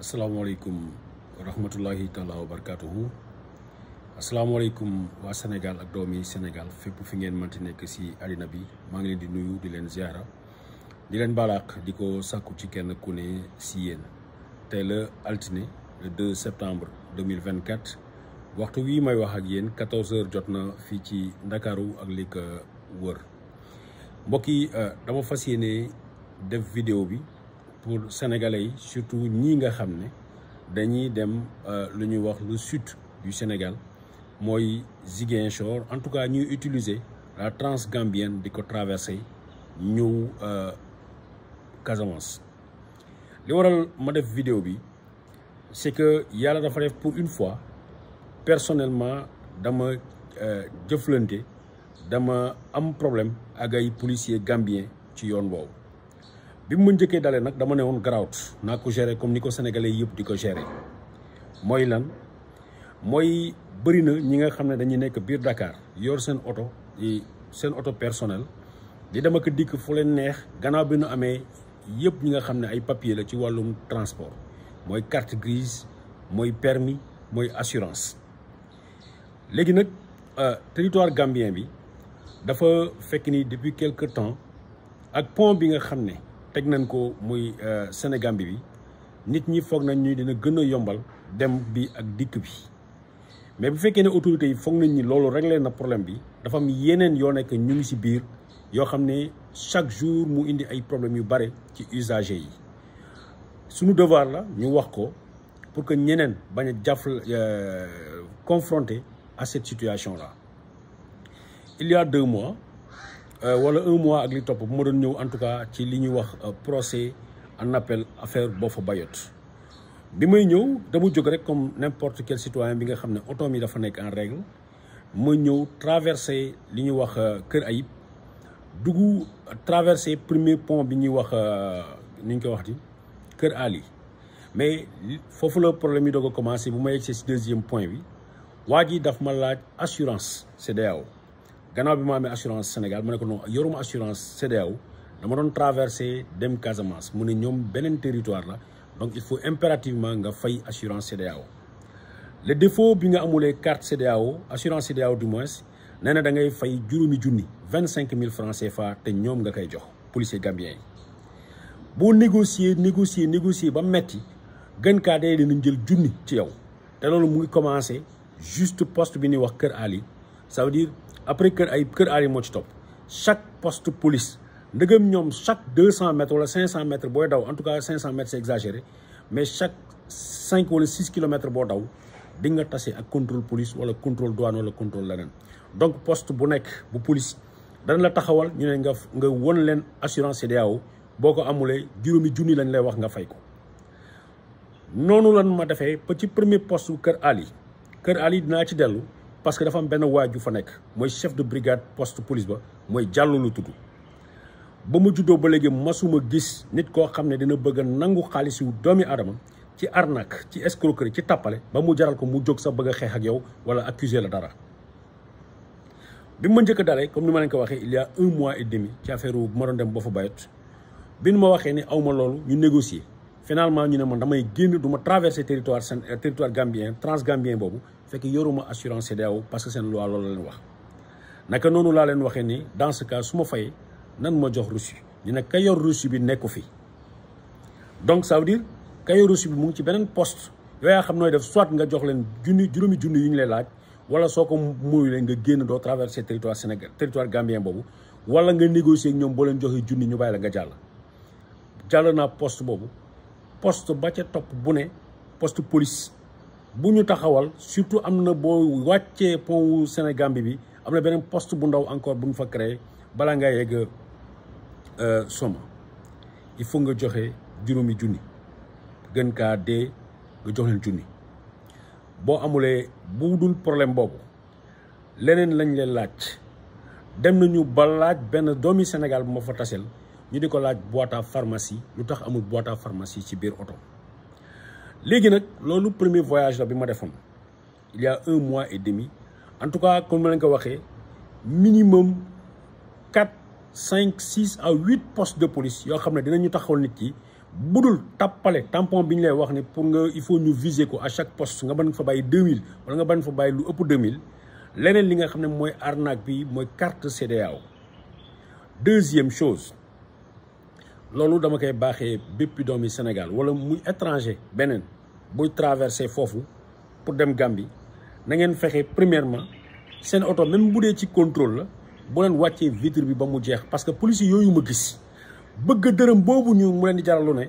asalaamaaleykum wa rahmatullahi taala asalaamaaleykum waa Sénégal ak doomi Sénégal fépp fi ngeen mënti nekk si àddina bi maa ngi leen di nuyu di leen ziara di leen balaax di ko sàkku ci kenn ku ne si yéen te la altine le 2 septembre 2024 waxtu wii may wax ak yéen 14 heures jot na fii ci ndakaaru ak li ko wër mbokk yi euh, dama fas yéene def vidéo bi. pour sénégalais surtout ceux nga savent dañuy dem euh, lu ñuy le sud du Sénégal Ziguin Chor en tout cas ñuy utiliser la transgambienne gambienne ko traverser ñeu Casamance li waral ma def vidéo bi c'est que yalla dafa def pour une fois personnellement dama euh, jëflante dama am problème avec les policiers gambiens ci yoon woowu. bi mu njëkkee dalee nag dama ne woon garaawut naa ko gérer comme ni ko sénégalais yëpp di ko gérer mooy lan mooy bëri na ñi nga xam ne dañuy nekk biir dakaar yor seen oto seen oto personnel di dama ko dikk fu leen neex gannaaw bi nu amee yëpp ñi nga xam ne ay papier la ci wàllum transport mooy carte grise mooy permis mooy assurance. léegi nag euh, territoire gambien bi dafa fekk ni depuis quelque temps ak pont bi nga xam ne. teg nañ ko muy euh, Sénégambie bi nit ñi foog nañ ñuy dina gën a yombal dem bi ak dikk bi mais bu fekkee ne autorité yi foog nañ ni loolu réglé na problème bi dafa am yeneen yoo nekk ñu ngi ci biir yoo xam ne chaque jour mu indi ay problème yu bare ci usager yi suñu devoir la ñu wax ko pour que ñeneen bañ a jaf euh, confronté à cette situation là il y a deux mois euh, wala un mois ak li top bu ma doon ñëw en tout cas ci li ñu wax euh, procès en appel affaire Boffa Bayotte bi may ñëw dama jog rek comme n'importe quel citoyen bi nga xam auto mi dafa nek en règle mo ñëw traverser li ñu wax euh, Kër Ayib dugg traverser premier pont bi ñuy wax ni ñu wax di Kër Ali mais fofu le problème yi doog commencer bu may yegsee deuxième point bi Wagi ji daf ma laaj assurance CEDEAO gannaaw bi ma amee assurance Sénégal ma ne ko non yoruma assurance CDAO dama doon traversé dem Casamance mu ne ñoom beneen territoire la donc il faut impérativement nga fay assurance CDAO. le défaut bi nga amulee carte CEDEAO assurance CEDEAO du moins nee na da ngay fay juróomi junni vingt mille francs CFA te ñoom nga koy jox policier gambien yi boo négocier négocier négocier ba metti gën kaa dee dinañ jël junni ci yow te loolu mu ngi commencé juste poste bi ni wax Kër Ali ça veut dire après kër ay kër aar moo ci topp chaque poste police ndegem ñoom chaque deux cent mètres wala cinq cent booy daw en tout cas cinq cent mètres c'est exagéré mais chaque cinq wala six kilomètres boo daw di nga tase ak contrôle police wala contrôle douane wala contrôle leneen donc poste bu nekk bu police dana la taxawal ñu ne nga nga won leen assurance CEDEAO boo ko amulee juróomi junni lañ lay wax nga fay ko noonu lan ma defee ba ci premier poste kër Ali kër Ali ci dellu parce que dafa am ben waju fa nek moy chef de brigade poste police ba moy jallu lu tuddu ba mu ba legi masuma gis nit ko xamne dina bëgg a nangu xaalis yu doomi ci arnaque ci escroquerie ci tapale, ba mu jaral ko mu jog sa bëgg xex ak yow wala accuser la dara bi ma njëkk dalé comme ni ma ko waxé il y a 1 mois et demi ci affaire bu ma dem ba fa bayot bi ma waxé ni awma loolu ñu négocier finalement ñu né man damay genn duma traverser territoire sen euh, territoire gambien transgambien bobu fekk yoruma assurance CEDEAO parce que sen loi loolu la wax naka noonu la len waxe ni dans ce cas suma fay nan ma jox reçu ni nak ka yor reçu bi nekou fi donc ça veut dire ka yor reçu bi mu ngi ci benen poste yo ya xam noy def soit nga jox len junni juróomi junni yiñ lay laaj wala soko ko len nga génn do traverser territoire Sénégal territoire gambien bobu wala nga négocier ak ñoom boo leen joxee junni ñu bay la nga jall jall na poste bobu poste ba ca top bu ne poste police bu ñu taxawal surtout am na boo wàccee pont wu Sénégambie bi am na beneen post bu ndaw encore bu ñu fa créé balaa nga yegg euh, Soma il faut nga joxe juróomi junni gën kaa dee nga jox leen junni boo amulee bu dul problème boobu leneen lañ leen laaj dem nañu ba laaj benn doomi Sénégal bu ma fa tasel ñu di ko laaj boîte à pharmacie lu tax amul boîte à pharmacie ci biir oto. Maintenant, c'est le premier voyage que j'ai fait. Il y a un mois et demi. En tout cas, comme je l'ai dit, minimum 4, 5, 6 à 8 postes de police. Vous savez, ils vont nous dire que si tu as le tampon qu'il faut viser à chaque poste, si tu as laissé 2000 ou si tu as laissé 2000, ce que tu sais, c'est l'arnaque, c'est la carte CDAO. Deuxième chose, loolu dama kay baxé bépp domi Sénégal wala muy étranger beneen boy traverser fofu pour dem Gambie na ngeen fexé premièrement seen auto même bu dee ci contrôle la bu len wàccee vitre bi ba mu jeex parce que police yooyu ma gis bëgg dërëm bobu ñu mu len di jaralu ne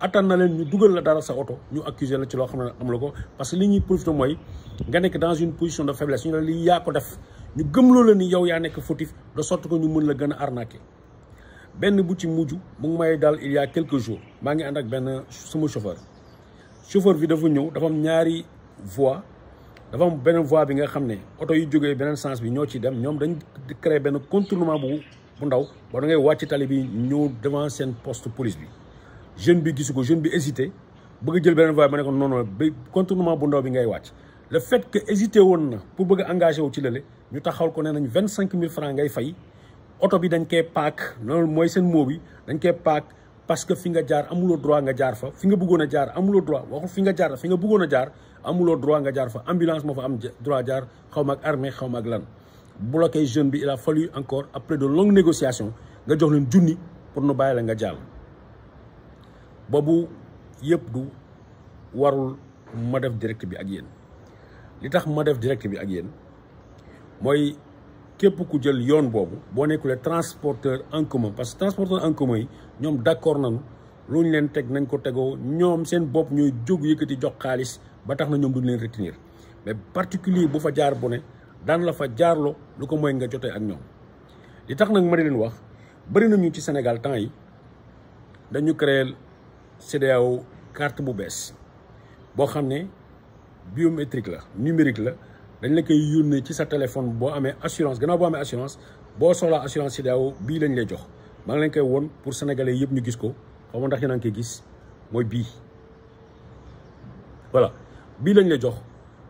attan na len ñu duggal la dara sa auto ñu accuser la ci lo xamna am la ko parce que li ñi profité moy nga nek dans une position de faiblesse ñu la li ya ko def ñu gëm lo la ni yow ya nek fautif de sorte que ñu mëna la gën a ben bu ci mujj mu ngi may dal il y a quelques jours maa ngi ben ak benn chauffeur chauffeur bi dafa ñëw dafa am ñaari voie dafa am benn voie bi nga xamné auto yu joggé benen sens bi ñoo ci dem ñom dañ créer benn contournement bu bu ndaw ba da ngay wacc tali bi ñëw devant sen poste police bi jeune bi gisuko jeune bi hésité bëgg jël benen voie mané ko non non ba contournement bu ndaw bi ngay wacc le fait que hésité woon na pour bëgg engager wu ci lele ñu taxaw ko nee 25000 francs ngay fay oto bi dañ koy paak loolu mooy seen moo bi dañ koy paak parce que fi nga jaar amuloo droit nga jaar fa fi nga bëggoon a jaar amuloo droit waxul fi nga jaar fi nga bëggoon a jaar amuloo droit nga jaar fa ambulance moo fa am droit jaar xaw ma ak armée xaw ma ak lan bloqué jeune bi il a fallu encore après de longues négociations nga jox leen junni pour nu bàyyi la nga jàll boobu yëpp du warul ma def direct bi ak yéen li tax ma def direct bi ak yéen mooy képp ku jël yoon boobu boo nekkulee transporteur en commun parce que transporteur en commun yi ñoom d' accord nañu lu ñu leen teg nañ ko tegoo ñoom seen bopp ñooy jóg yëkkati jox xaalis ba tax na ñoom duñ leen retenir mais particulier bu fa jaar bu ne daan la fa jaarloo lu ko mooy nga jotee ak ñoom. li tax nag ma di leen wax bëri nañu ci senegal temps yi dañu créer CEDEAO carte bu bees boo xam ne biométrique la numérique la. dañ la koy yónnee ci sa téléphone boo amee assurance gannaaw boo amee assurance boo soxlaa assurance CEDEAO bii lañ lay jox maa ngi leen koy won pour sénégalais yëpp ñu gis ko xaw ma ndax yéen a koy gis mooy bii voilà bii lañ lay jox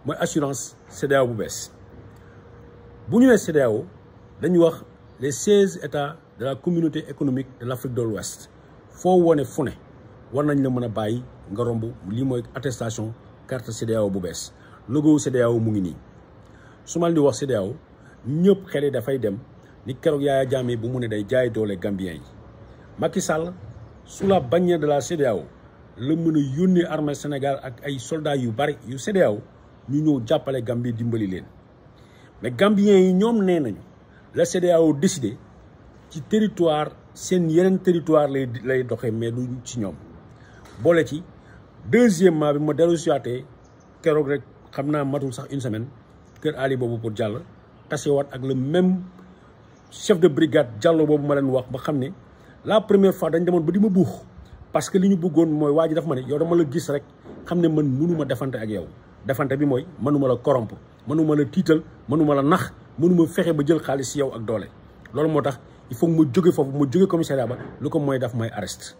mooy assurance CEDEAO bu bees bu ñu nee CEDEAO dañuy wax les seize états de la communauté économique de l' Afrique de l'Ouest foo wone fu ne war nañ la mën a bàyyi nga romb lii mooy attestation carte CDAO bu bees logo CDAO mu ngi nii su ma leen di wax CEDEAO ñëpp xel dafay dem ni keroog Yaya Jammeh bu mu ne day jaay doole Gambien yi Macky Sall sous la bannière de la CEDEAO la mën a yónnee armée Sénégal ak ay soldats yu bari yu CEDEAO ñu ñëw jàppale Gambie dimbali leen mais Gambien yi ñoom nee nañu la CEDEAO décidé ci territoire seen yeneen territoire lay lay doxee mais du ci ñoom boole ci deuxièmement bi ma dellu siwaatee keroog rek xam naa matul sax une semaine kër Ali boobu pour Diallo wat ak le même chef de brigade Diallo boobu ma leen wax ba xamné la première fois dañ demone ba di ma buux parce que liñu bëggoon moy waji ji dafa ma yow dama la gis rek xamné man mënuma defante ak yow defante bi moy mënuma la corrompre mënuma la tiital mënuma la nax mënuma fexé ba jël yow ak doole motax il faut mu joggé fofu mu joggé commissariat ba lu ko moy daf may arrest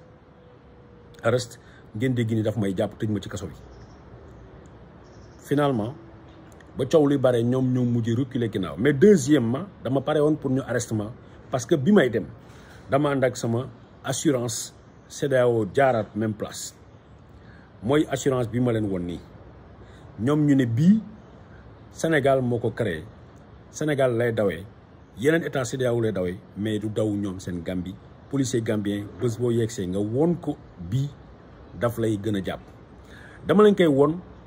arrest ngeen dégg ni daf may japp tëj ma ci kasso bi finalement ba coow li bare ñoom ñoo mujj reculer ginnaaw mais deuxièmement dama pare woon pour ñu arrestement parce que bi may dem dama ànd ak sama assurance CEDEAO jaaraat même place mooy assurance bi ma leen woon nii ñoom ñu ne bii Sénégal moo ko créé Sénégal lay dawee yeneen état CEDEAO lay dawee mais du daw ñoom seen Gambie policier gambien bés boo yegsee nga woon ko bii daf lay gën a jàpp dama leen koy won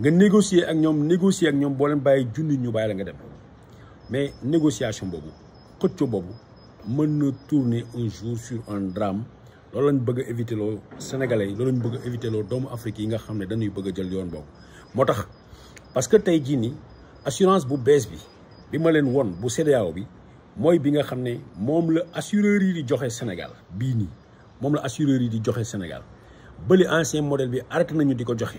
nga négocier ak ñom négocier ak ñom bo leen baye junni ñu baye la nga dem mais négociation bobu xëcco bobu mën na tourner un jour sur un drame loolu lañ bëgg éviter lo sénégalais yi loolu lañ bëgg éviter lo doomu Afrique yi nga xam dañuy bëgg jël yoon boobu motax parce que tay jii nii assurance bu bees bi bi ma leen won bu cdao bi moy bi nga xam mom moom la assureur yi di joxe Sénégal bi ni mom la assureur yi di joxe Sénégal bëli ancien modèle bi arrêté nañu diko joxe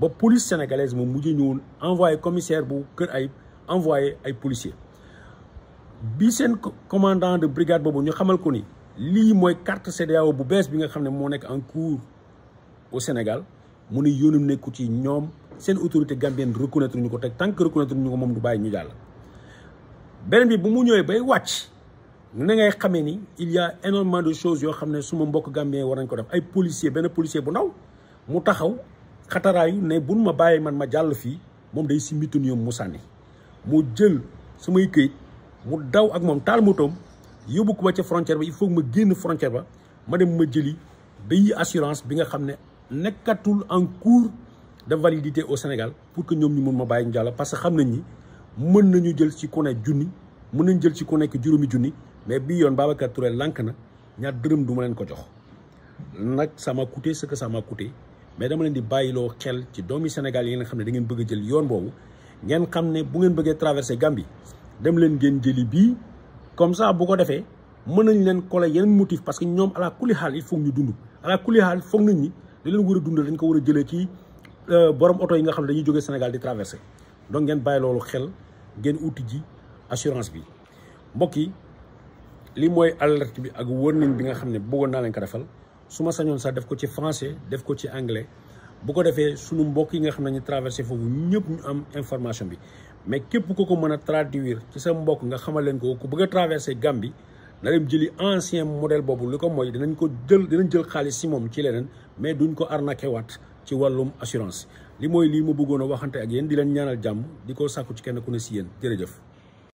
ba police sénégalaise moom mujjee ñëwoon envoyé commissaire bu Kër Ayib envoyé ay policiers bi seen commandant de brigade boobu ñu xamal ko ni lii mooy carte CEDEAO bu bees bi nga xam ne moo en cours au Sénégal mu ne yoonam nekku ci ñoom seen autorité gambienne reconnaître ñu ko tant que reconnaître ñu ko moom du bàyyi ñu jàll. beneen bi bu mu ñëwee bay wàcc na ngay xamee ni il y a énormément de choses yoo xam ne suma mbokk gambien war nañ ko def ay policier benn policier bu ndaw mu taxaw. yu ne buñ ma baye man ma jall fi mom day si mitunium musani mu jël samay këyit mu daw ak mom tal motoom yóbbu ko ba frontière ba il faut ma génn frontière ba ma dem ma jëli day assurance bi nga xamne ne en cours de validité au Sénégal pour que ñom ñu mëna baye parce que xamnañ ni mën nañu jël ci ku nekk mën nañ jël ci ku nekk juróomi junni mais bi yon Babacar Touré lank na ñaar deureum du ma ko jox nak sama ce que ça m'a coûté mais dama len di bayilo xel ci domi senegal yi nga xamne da ngeen bëgg jël yoon bobu ngeen xamne bu ngeen bëgge traverser Gambie dem len ngeen jëli bi comme ça bu ko defee mën nañ leen coller yeen motif parce que ñom ala kuli hal il faut ñu dund ala kuli hal foog nit ñi li len wëra a dundal dañ ko wëra jëlé ki ci euh, borom auto yi nga xamne dañuy joggé senegal di traverser donc ngeen bayilo lu xel ngeen outil ji assurance bi mbokk yi li moy alerte bi ak warning bi nga xamne ne na len ko defal su ma sañoon sax def ko ci français def ko ci anglais bu ko defee sunu mbokk yi nga xam ne ñu traversé foofu ñëpp ñu am information bi mais képp ko ko mën a traduire ci sa mbokk nga xamal leen ko ku bëgg a traversé Gambie na dem jëli ancien model boobu li ko mooy dinañ ko jël dinañ jël xaalis si moom ci leneen mais duñ ko arnaqué waat ci wàllum assurance li mooy lii mu bëggoon waxante ak yéen di leen ñaanal jàmm di ko sàkku ci kenn ku ne si yéen jërëjëf.